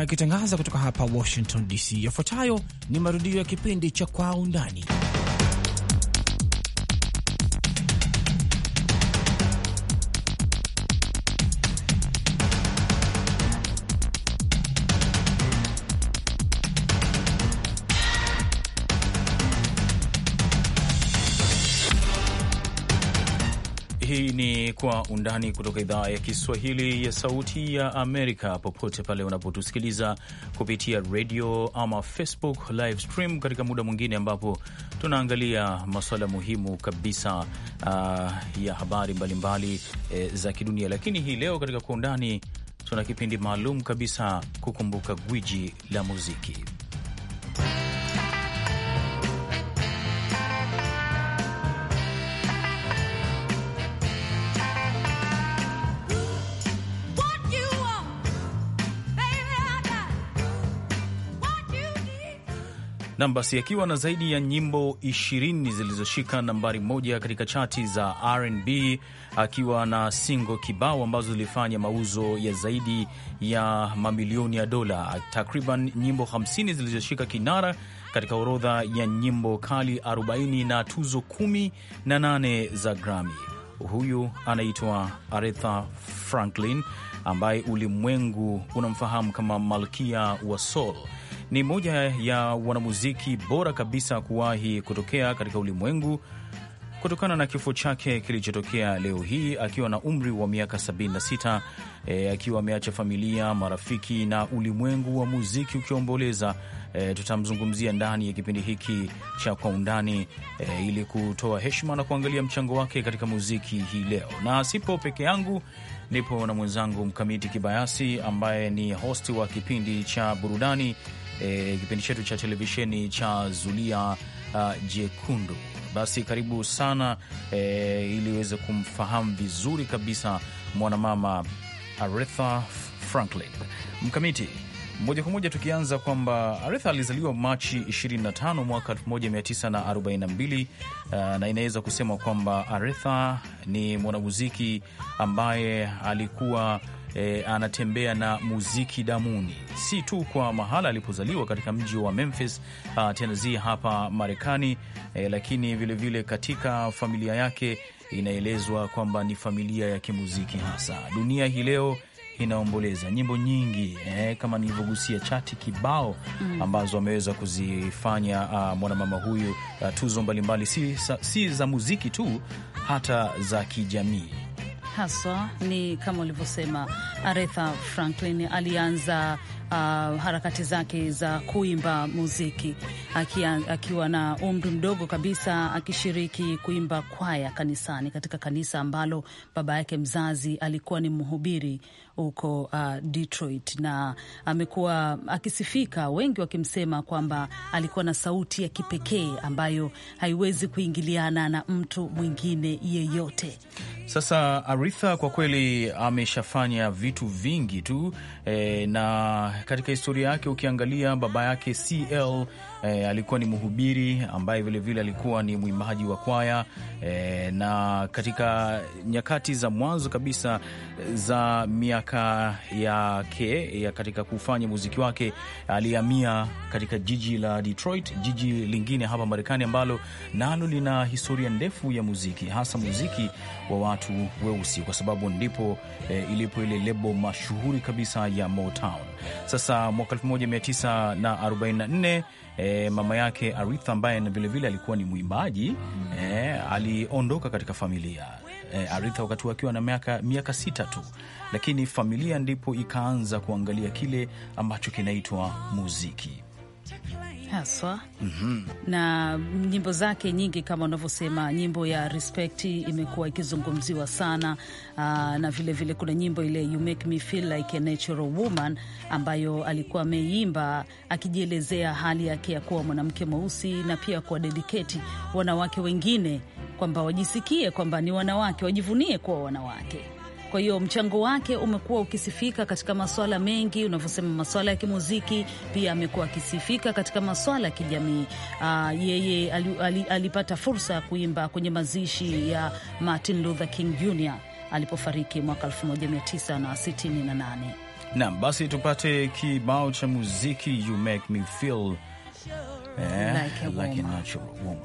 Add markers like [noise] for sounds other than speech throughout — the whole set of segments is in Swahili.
Akitangaza kutoka hapa Washington DC, yafuatayo ni marudio ya kipindi cha Kwa Undani. Kwa Undani kutoka idhaa ya Kiswahili ya Sauti ya Amerika, popote pale unapotusikiliza kupitia radio ama Facebook live stream, katika muda mwingine ambapo tunaangalia masuala muhimu kabisa uh, ya habari mbalimbali eh, za kidunia. Lakini hii leo katika Kwa Undani tuna kipindi maalum kabisa kukumbuka gwiji la muziki. Nam basi, akiwa na zaidi ya nyimbo ishirini zilizoshika nambari moja katika chati za RnB, akiwa na singo kibao ambazo zilifanya mauzo ya zaidi ya mamilioni ya dola, takriban nyimbo 50 zilizoshika kinara katika orodha ya nyimbo kali 40 na tuzo 18 za Grammy. Huyu anaitwa Aretha Franklin ambaye ulimwengu unamfahamu kama malkia wa soul ni moja ya wanamuziki bora kabisa kuwahi kutokea katika ulimwengu kutokana na kifo chake kilichotokea leo hii akiwa na umri wa miaka 76, e, akiwa ameacha familia, marafiki na ulimwengu wa muziki ukiomboleza. E, tutamzungumzia ndani ya kipindi hiki cha Kwa Undani e, ili kutoa heshima na kuangalia mchango wake katika muziki hii leo, na sipo peke yangu nipo na mwenzangu Mkamiti Kibayasi ambaye ni host wa kipindi cha burudani e, kipindi chetu cha televisheni cha Zulia uh, Jekundu. Basi karibu sana e, ili uweze kumfahamu vizuri kabisa mwanamama Aretha Franklin. Mkamiti moja kwa moja tukianza kwamba Aretha alizaliwa Machi 25 mwaka 1942 uh, na inaweza kusema kwamba Aretha ni mwanamuziki ambaye alikuwa e, anatembea na muziki damuni, si tu kwa mahala alipozaliwa katika mji wa Memphis, Tennessee hapa Marekani, e, lakini vilevile vile katika familia yake inaelezwa kwamba ni familia ya kimuziki hasa. Dunia hii leo inaomboleza nyimbo nyingi eh, kama nilivyogusia chati kibao mm, ambazo ameweza kuzifanya uh, mwanamama huyu uh, tuzo mbalimbali si, si za muziki tu, hata za kijamii haswa ni kama ulivyosema, Aretha Franklin alianza Uh, harakati zake za kuimba muziki akia, akiwa na umri mdogo kabisa, akishiriki kuimba kwaya kanisani katika kanisa ambalo baba yake mzazi alikuwa ni mhubiri huko uh, Detroit, na amekuwa akisifika, wengi wakimsema kwamba alikuwa na sauti ya kipekee ambayo haiwezi kuingiliana na mtu mwingine yeyote. Sasa Aritha kwa kweli ameshafanya vitu vingi tu eh, na katika historia yake ukiangalia baba yake CL e, alikuwa ni mhubiri ambaye vilevile alikuwa ni mwimbaji wa kwaya e, na katika nyakati za mwanzo kabisa za miaka yake ya katika kufanya muziki wake alihamia katika jiji la Detroit, jiji lingine hapa Marekani ambalo nalo lina historia ndefu ya muziki, hasa muziki wa watu weusi, kwa sababu ndipo e, ilipo ile lebo mashuhuri kabisa ya Motown. Sasa mwaka 1944 e, mama yake Aritha ambaye vilevile alikuwa ni mwimbaji mm. e, aliondoka katika familia e, eh, Aritha wakati akiwa na miaka, miaka sita tu, lakini familia ndipo ikaanza kuangalia kile ambacho kinaitwa muziki haswa mm -hmm. na nyimbo zake nyingi kama unavyosema, nyimbo ya Respect imekuwa ikizungumziwa sana aa, ah, na vilevile vile kuna nyimbo ile You Make Me Feel Like a Natural Woman ambayo alikuwa ameimba akijielezea hali yake ya kuwa mwanamke mweusi na pia kuwa dediketi wanawake wengine kwamba wajisikie kwamba ni wanawake, wajivunie kuwa wanawake. Kwa hiyo mchango wake umekuwa ukisifika katika masuala mengi, unavyosema masuala ya kimuziki, pia amekuwa akisifika katika masuala ya kijamii. Uh, yeye alipata fursa ya kuimba kwenye mazishi ya Martin Luther King Jr alipofariki mwaka 1968. nam basi tupate kibao cha muziki You Make Me Feel eh, like a eh, Woman.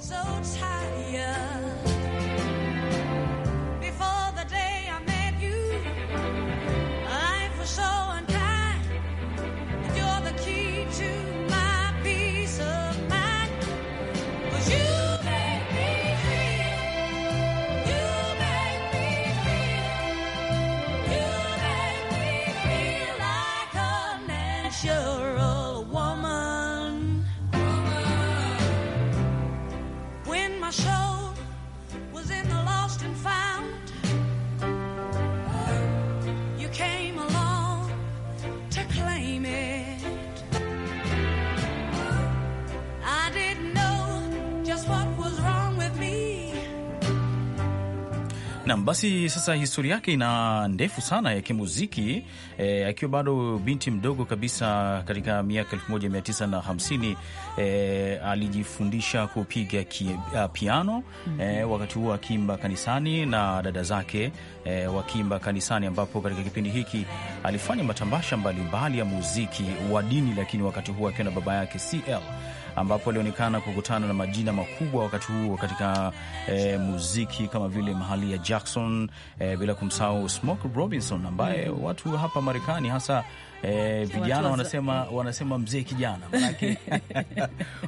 Nam basi, sasa historia yake ina ndefu sana ya kimuziki e, akiwa bado binti mdogo kabisa katika miaka 1950 e, eh, alijifundisha kupiga uh, piano mm-hmm. E, wakati huo akiimba kanisani na dada zake e, wakiimba kanisani, ambapo katika kipindi hiki alifanya matambasha mbalimbali mbali ya muziki wa dini, lakini wakati huo akiwa na baba yake CL ambapo alionekana kukutana na majina makubwa wakati huo katika e, muziki kama vile mahali ya Jackson e, bila kumsahau Smoke Robinson ambaye mm. watu hapa Marekani hasa e, vijana wanasema, wanasema mzee kijana [laughs] manake [laughs]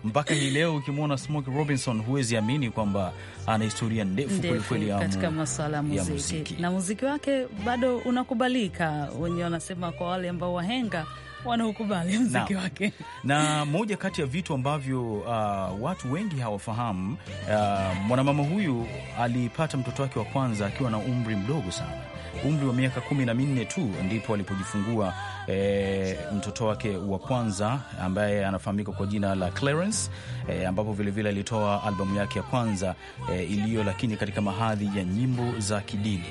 mpaka hii leo ukimwona Smoke Robinson huwezi amini kwamba ana historia ndefu kwelikweli katika masuala ya muziki. muziki na muziki wake bado unakubalika, wenyewe wanasema kwa wale ambao wahenga wanaokubali mziki wake na moja kati ya vitu ambavyo uh, watu wengi hawafahamu uh, mwanamama huyu alipata mtoto wake wa kwanza akiwa na umri mdogo sana umri wa miaka kumi na minne tu ndipo alipojifungua e, mtoto wake wa kwanza ambaye anafahamika kwa jina la Clarence e, ambapo vilevile alitoa albamu yake ya kwanza e, iliyo lakini katika mahadhi ya nyimbo za kidini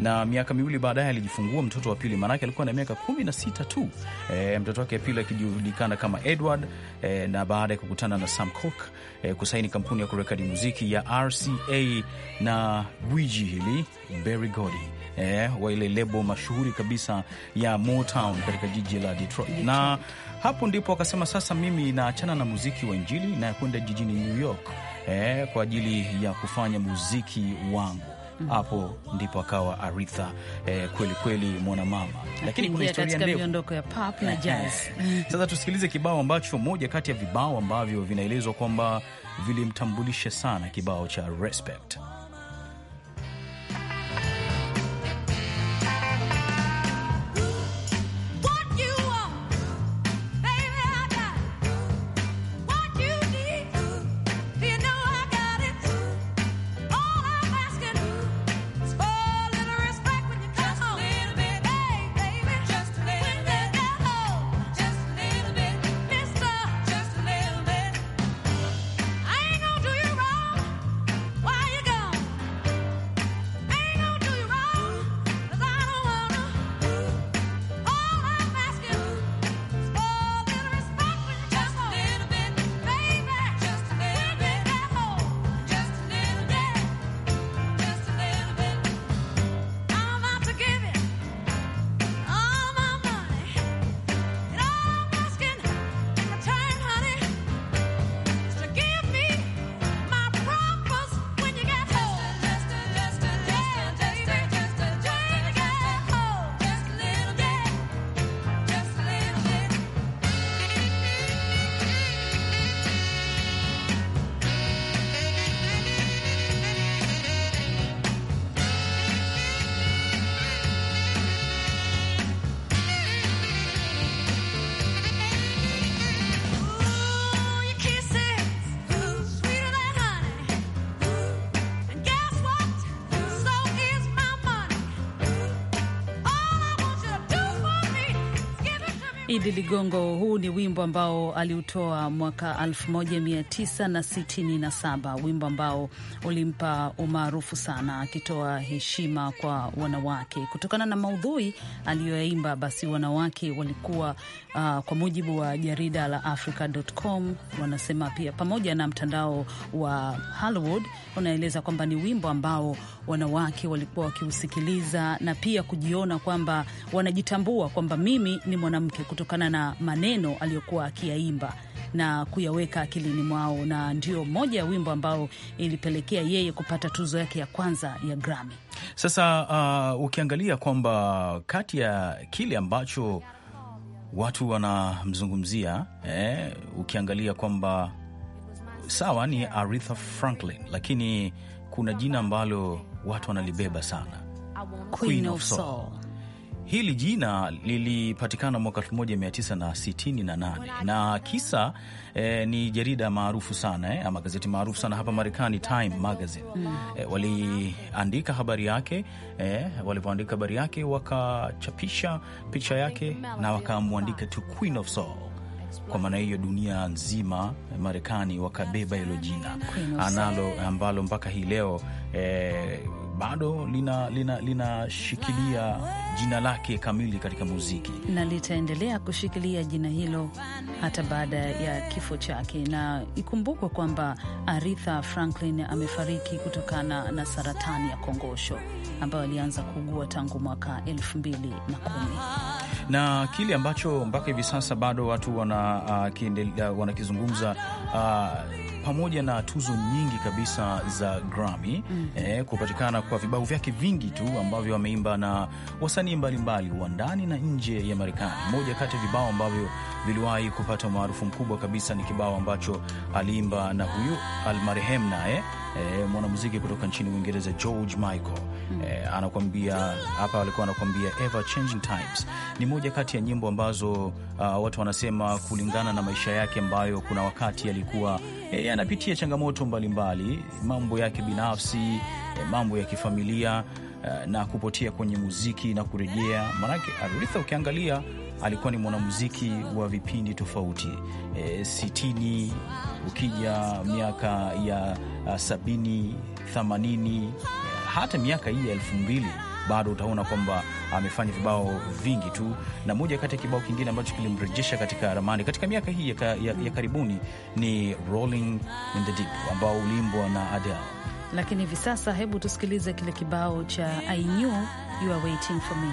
na miaka miwili baadaye alijifungua mtoto wa pili, maanake alikuwa na miaka kumi na sita tu. E, mtoto wake pili akijulikana kama Edward e, na baada ya kukutana na Sam Cooke e, kusaini kampuni ya kurekodi muziki ya RCA na gwiji hili Berry Gordy eh, wa ile lebo mashuhuri kabisa ya Motown katika jiji la Detroit, na hapo ndipo akasema sasa, mimi naachana na muziki wa Injili na kwenda jijini New York eh, kwa ajili ya kufanya muziki wangu mhm. hapo -hmm. Ndipo akawa Aretha eh, kweli kweli mwanamama, lakini kuna historia ndefu miondoko ya pop na jazz. [laughs] Sasa tusikilize kibao ambacho, moja kati ya vibao ambavyo vinaelezwa kwamba vilimtambulisha sana, kibao cha Respect. Idi Ligongo, huu ni wimbo ambao aliutoa mwaka 1967 wimbo ambao ulimpa umaarufu sana, akitoa heshima kwa wanawake kutokana na maudhui aliyoyaimba. Basi wanawake walikuwa uh, kwa mujibu wa jarida la Africa.com wanasema pia, pamoja na mtandao wa Hollywood unaeleza kwamba ni wimbo ambao wanawake walikuwa wakiusikiliza na pia kujiona kwamba wanajitambua kwamba mimi ni mwanamke kutokana na maneno aliyokuwa akiyaimba na kuyaweka akilini mwao, na ndio moja ya wimbo ambao ilipelekea yeye kupata tuzo yake ya kwanza ya Grammy. Sasa uh, ukiangalia kwamba kati ya kile ambacho watu wanamzungumzia eh, ukiangalia kwamba sawa ni Aretha Franklin, lakini kuna jina ambalo watu wanalibeba sana, Queen of Soul. Hili jina lilipatikana mwaka 1968 na, na, na kisa eh, ni jarida maarufu sana eh, ama gazeti maarufu sana hapa Marekani, Time Magazine mm. Eh, waliandika habari yake eh, walipoandika habari yake wakachapisha picha yake na wakamwandika to Queen of Soul. Kwa maana hiyo dunia nzima eh, Marekani wakabeba hilo jina analo ambalo mpaka hii leo eh, bado linashikilia lina, lina jina lake kamili katika muziki na litaendelea kushikilia jina hilo hata baada ya kifo chake. Na ikumbukwe kwamba aritha Franklin amefariki kutokana na saratani ya kongosho ambayo alianza kuugua tangu mwaka elfu mbili na kumi na kile ambacho mpaka hivi sasa bado watu uh, uh, wanakizungumza, uh, wana uh, pamoja na tuzo nyingi kabisa za Grammy mm. eh, kupatikana kwa vibao vyake vingi tu ambavyo wameimba na wasanii mbalimbali wa ndani na nje ya Marekani. Moja kati ya vibao ambavyo viliwahi kupata umaarufu mkubwa kabisa ni kibao ambacho aliimba na huyu almarehemu naye eh, eh, mwanamuziki kutoka nchini Uingereza George Michael mm. eh, anakuambia hapa, alikuwa anakuambia Ever Changing Times. Ni moja kati ya nyimbo ambazo uh, watu wanasema kulingana na maisha yake ambayo kuna wakati alikuwa eh, anapitia changamoto mbalimbali mbali, mambo yake binafsi eh, mambo ya kifamilia eh, na kupotea kwenye muziki na kurejea. Maanake Aritha ukiangalia alikuwa ni mwanamuziki wa vipindi tofauti e, sitini, ukija miaka ya a, sabini, themanini, hata miaka hii ya elfu mbili bado utaona kwamba amefanya vibao vingi tu, na moja kati ya kibao kingine ambacho kilimrejesha katika ramani katika miaka hii ya, ka, ya, ya karibuni ni Rolling in the Deep ambao ulimbwa na Adele. Lakini hivi sasa, hebu tusikilize kile kibao cha I knew you are waiting for me.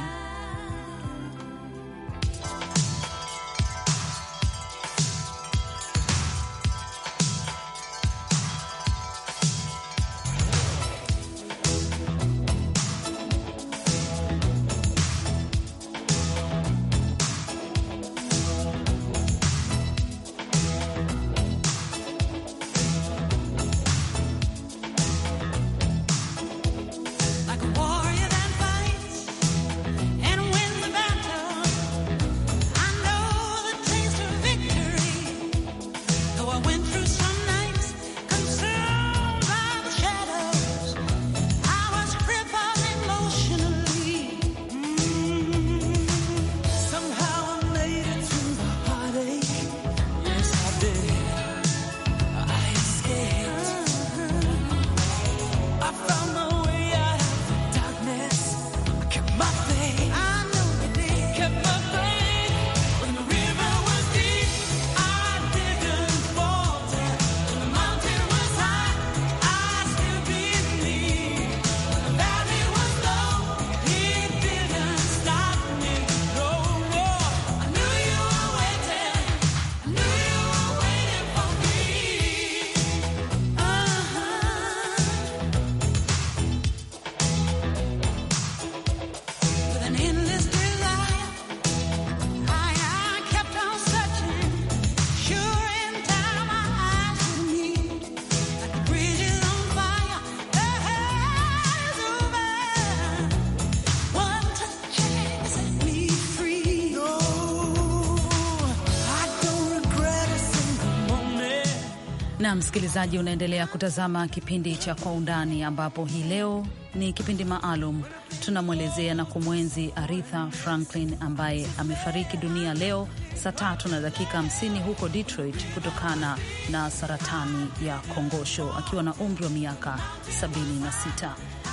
msikilizaji, unaendelea kutazama kipindi cha Kwa Undani, ambapo hii leo ni kipindi maalum tunamwelezea na kumwenzi Aretha Franklin ambaye amefariki dunia leo saa tatu na dakika 50 huko Detroit kutokana na saratani ya kongosho akiwa na umri wa miaka 76.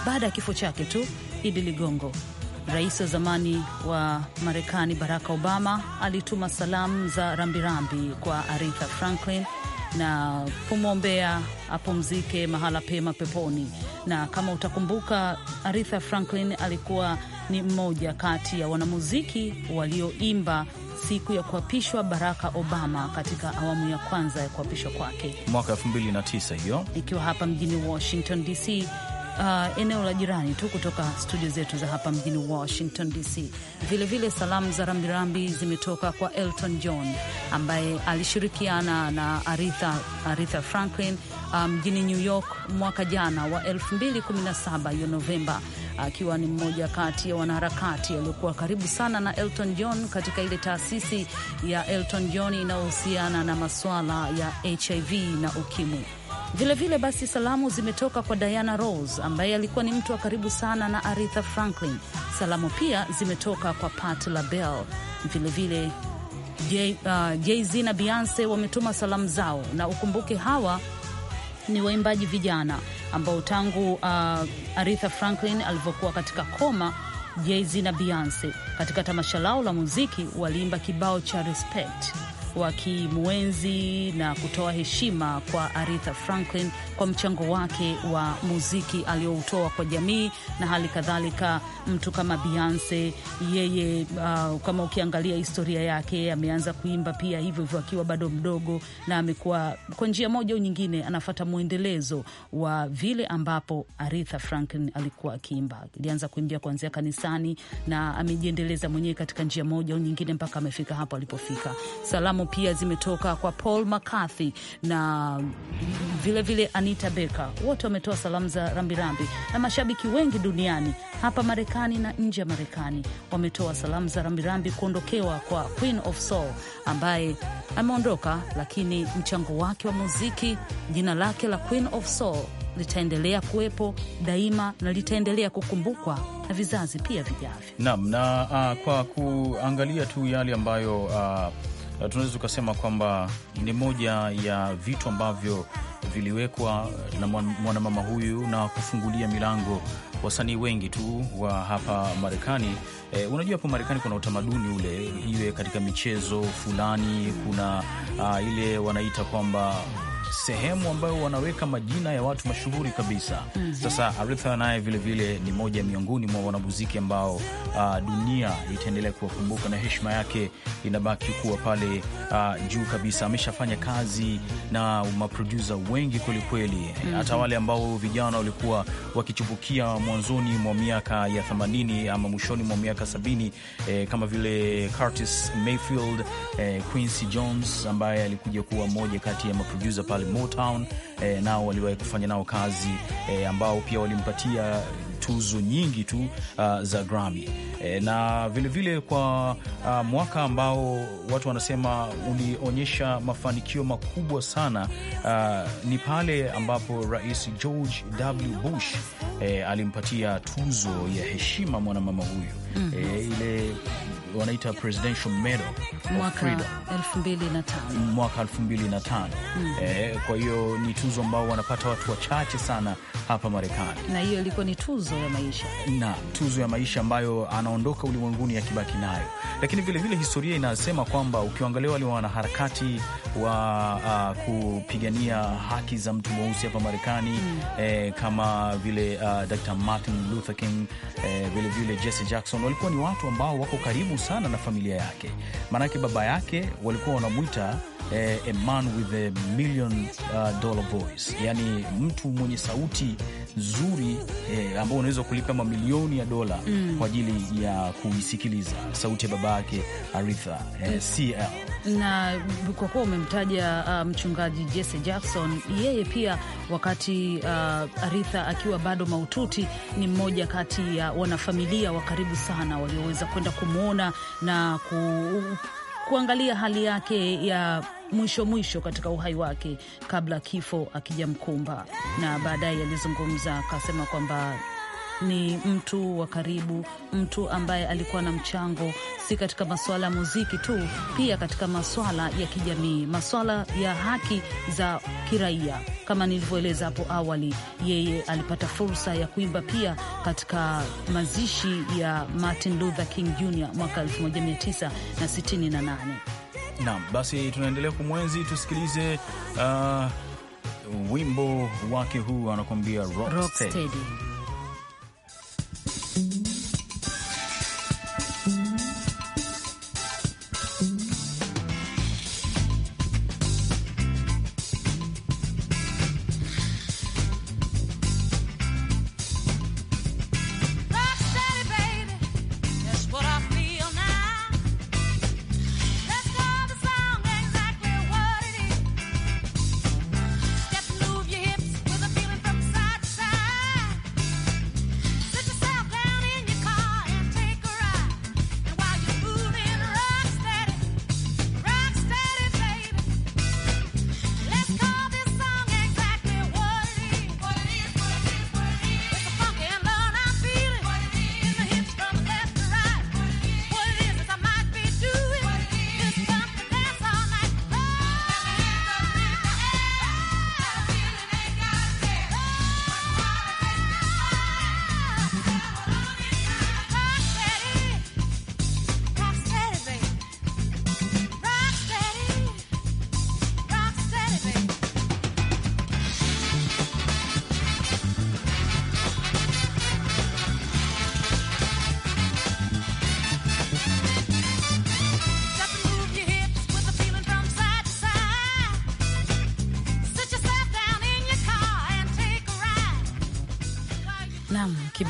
Baada ya kifo chake tu, Idi Ligongo, Rais wa zamani wa Marekani Barack Obama alituma salamu za rambirambi kwa Aretha Franklin na kumwombea apumzike mahala pema peponi. Na kama utakumbuka, Aretha Franklin alikuwa ni mmoja kati ya wanamuziki walioimba siku ya kuapishwa baraka Obama katika awamu ya kwanza ya kuapishwa kwake mwaka 2009 hiyo, ikiwa hapa mjini Washington DC uh, eneo la jirani tu kutoka studio zetu za hapa mjini Washington DC. Vilevile salamu za rambirambi zimetoka kwa Elton John ambaye alishirikiana na aritha Aritha Franklin uh, mjini um, New York mwaka jana wa 2017 ya Novemba akiwa ni mmoja kati ya wanaharakati aliokuwa karibu sana na Elton John katika ile taasisi ya Elton John inayohusiana na masuala ya HIV na ukimwi. Vilevile vile basi, salamu zimetoka kwa Diana Rose ambaye alikuwa ni mtu wa karibu sana na Aretha Franklin. Salamu pia zimetoka kwa Pat LaBelle. Vilevile uh, Jay-Z uh, na Beyonce wametuma salamu zao, na ukumbuke hawa ni waimbaji vijana ambao tangu uh, Aretha Franklin alivyokuwa katika koma, Jay-Z na Beyonce katika tamasha lao la muziki waliimba kibao cha Respect wakimwenzi na kutoa heshima kwa Aretha Franklin kwa mchango wake wa muziki aliyoutoa kwa jamii, na hali kadhalika mtu kama Beyonce, yeye uh, kama ukiangalia historia yake ameanza kuimba pia hivyo hivyo akiwa bado mdogo, na amekuwa kwa njia moja au nyingine anafata mwendelezo wa vile ambapo Aretha Franklin alikuwa akiimba. Alianza kuimbia kuanzia kanisani na amejiendeleza mwenyewe katika njia moja au nyingine mpaka amefika hapo alipofika. Salamu lawamo pia zimetoka kwa Paul McCarthy na vilevile vile Anita Baker. Wote wametoa salamu za rambirambi, na mashabiki wengi duniani hapa Marekani na nje ya Marekani wametoa salamu za rambirambi kuondokewa kwa Queen of Soul ambaye ameondoka, lakini mchango wake wa muziki, jina lake la Queen of Soul litaendelea kuwepo daima na litaendelea kukumbukwa na vizazi pia vijavyo. Naam, na uh, kwa kuangalia tu yale ambayo uh, tunaweza tukasema kwamba ni moja ya vitu ambavyo viliwekwa na mwanamama huyu na kufungulia milango wasanii wengi tu wa hapa Marekani. E, unajua hapa Marekani kuna utamaduni ule, iwe katika michezo fulani, kuna a, ah, ile wanaita kwamba sehemu ambayo wanaweka majina ya watu mashuhuri kabisa. mm -hmm. Sasa Aretha naye vilevile ni moja miongoni mwa wanamuziki ambao uh, dunia itaendelea kuwakumbuka na heshima yake inabaki kuwa pale uh, juu kabisa. Ameshafanya kazi na maprodusa wengi kwelikweli mm -hmm. hata wale ambao vijana walikuwa wakichupukia mwanzoni mwa miaka ya 80 ama mwishoni mwa miaka sabini eh, kama vile Curtis Mayfield, eh, Quincy Jones ambaye alikuja kuwa moja kati ya maprodusa pale pale Motown e, nao waliwahi kufanya nao kazi e, ambao pia walimpatia tuzo nyingi tu uh, za Grammy e, na vilevile vile kwa uh, mwaka ambao watu wanasema ulionyesha mafanikio makubwa sana uh, ni pale ambapo Rais George W. Bush e, alimpatia tuzo ya heshima mwanamama huyu mm -hmm. e, ile wanaita presidential medal mwaka 2005. Mm. E, kwa hiyo ni tuzo ambao wanapata watu wachache sana hapa Marekani, na hiyo ilikuwa ni tuzo ya maisha na tuzo ya maisha ambayo anaondoka ulimwenguni akibaki nayo, lakini vilevile historia inasema kwamba ukiangalia wale wanaharakati wa uh, kupigania haki za mtu mweusi hapa Marekani mm. e, kama vile uh, Dr. Martin Luther King vilevile vile Jesse Jackson Jackson walikuwa ni watu ambao wako karibu sana na familia yake, maanake baba yake walikuwa wanamwita eh, a man with a million uh, dollar voice, yani mtu mwenye sauti nzuri eh, ambao unaweza kulipa mamilioni ya dola mm. kwa ajili ya kuisikiliza sauti ya baba yake Aretha eh, mm. CL. Na kwa kuwa umemtaja uh, mchungaji Jesse Jackson, yeye pia wakati uh, Aretha akiwa bado maututi, ni mmoja kati ya uh, wanafamilia wa karibu sana walioweza kwenda kumwona na ku, kuangalia hali yake ya mwisho mwisho katika uhai wake kabla kifo akijamkumba. Na baadaye alizungumza akasema kwamba ni mtu wa karibu, mtu ambaye alikuwa na mchango si katika masuala ya muziki tu, pia katika masuala ya kijamii, masuala ya haki za kiraia. Kama nilivyoeleza hapo awali, yeye alipata fursa ya kuimba pia katika mazishi ya Martin Luther King Jr. mwaka 1968. Naam, basi tunaendelea kumwenzi, tusikilize uh, wimbo wake huu anakuambia Rocksteady. rock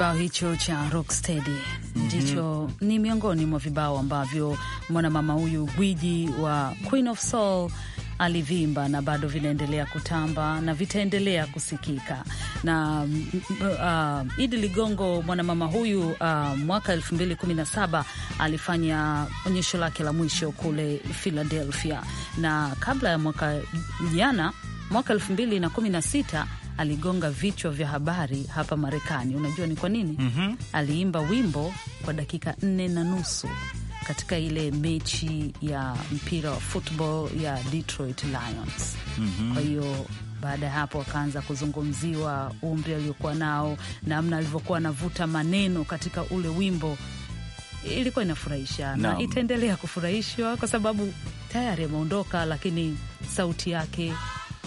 Kibao hicho cha Rocksteady ndicho mm -hmm. Ni miongoni mwa vibao ambavyo mwanamama huyu gwiji wa Queen of Soul alivimba na bado vinaendelea kutamba na vitaendelea kusikika na mm, uh, Idi Ligongo, mwanamama huyu uh, mwaka 2017 alifanya onyesho lake la mwisho kule Philadelphia, na kabla ya mwaka jana, mwaka 2016 aligonga vichwa vya habari hapa Marekani. Unajua ni kwa nini? mm -hmm. Aliimba wimbo kwa dakika nne na nusu katika ile mechi ya mpira wa football ya Detroit Lions. mm -hmm. Kwa hiyo baada ya hapo akaanza kuzungumziwa umri aliokuwa nao, namna alivyokuwa anavuta maneno katika ule wimbo ilikuwa inafurahisha na itaendelea kufurahishwa kwa sababu tayari ameondoka, lakini sauti yake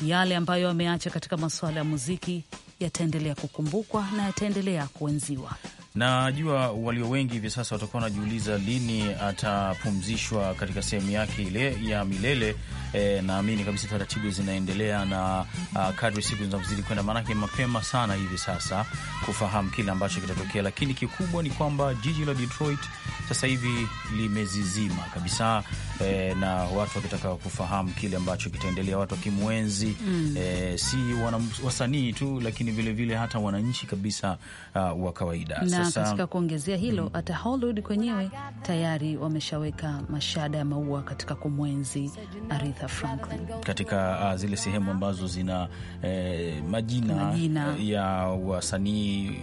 yale ambayo ameacha katika masuala ya muziki yataendelea kukumbukwa na yataendelea kuenziwa. Najua walio wengi hivi sasa watakuwa wanajiuliza lini atapumzishwa katika sehemu yake ile ya milele. E, naamini kabisa taratibu zinaendelea na a, kadri siku zinavyozidi kwenda, maanake mapema sana hivi sasa kufahamu kile ambacho kitatokea, lakini kikubwa ni kwamba jiji la Detroit sasa hivi limezizima kabisa, e, na watu wakitaka kufahamu kile ambacho kitaendelea, watu wakimwenzi mm. E, si wasanii tu, lakini vilevile vile hata wananchi kabisa wa kawaida na katika kuongezea hilo, hata Hollywood kwenyewe tayari wameshaweka mashada ya maua katika kumwenzi Aretha Franklin katika uh, zile sehemu ambazo zina eh, majina, majina eh, ya wasanii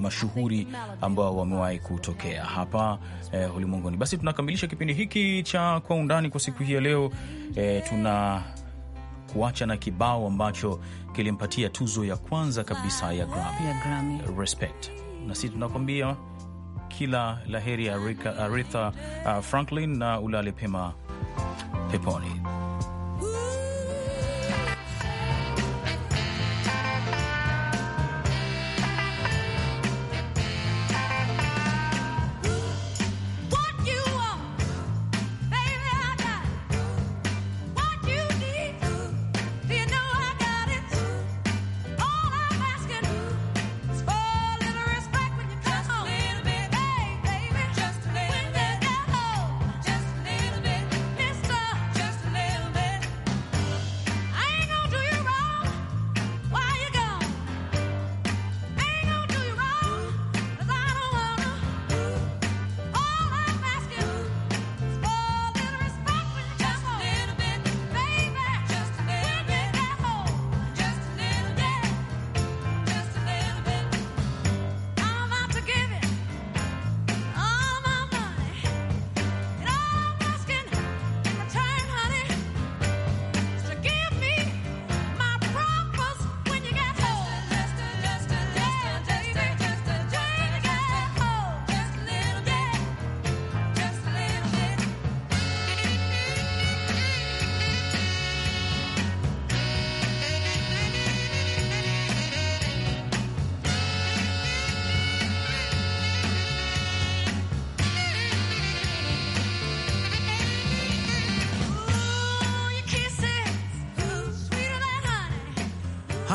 mashuhuri ambao wamewahi kutokea hapa eh, ulimwenguni. Basi tunakamilisha kipindi hiki cha Kwa Undani kwa siku hii ya leo. Eh, tuna kuacha na kibao ambacho kilimpatia tuzo ya kwanza kabisa ya Grammy, ya Grammy. Respect na sisi tunakwambia kila la heri ya Aretha uh, Franklin na ulale pema peponi.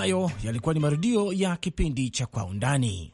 hayo yalikuwa ni marudio ya kipindi cha Kwa Undani.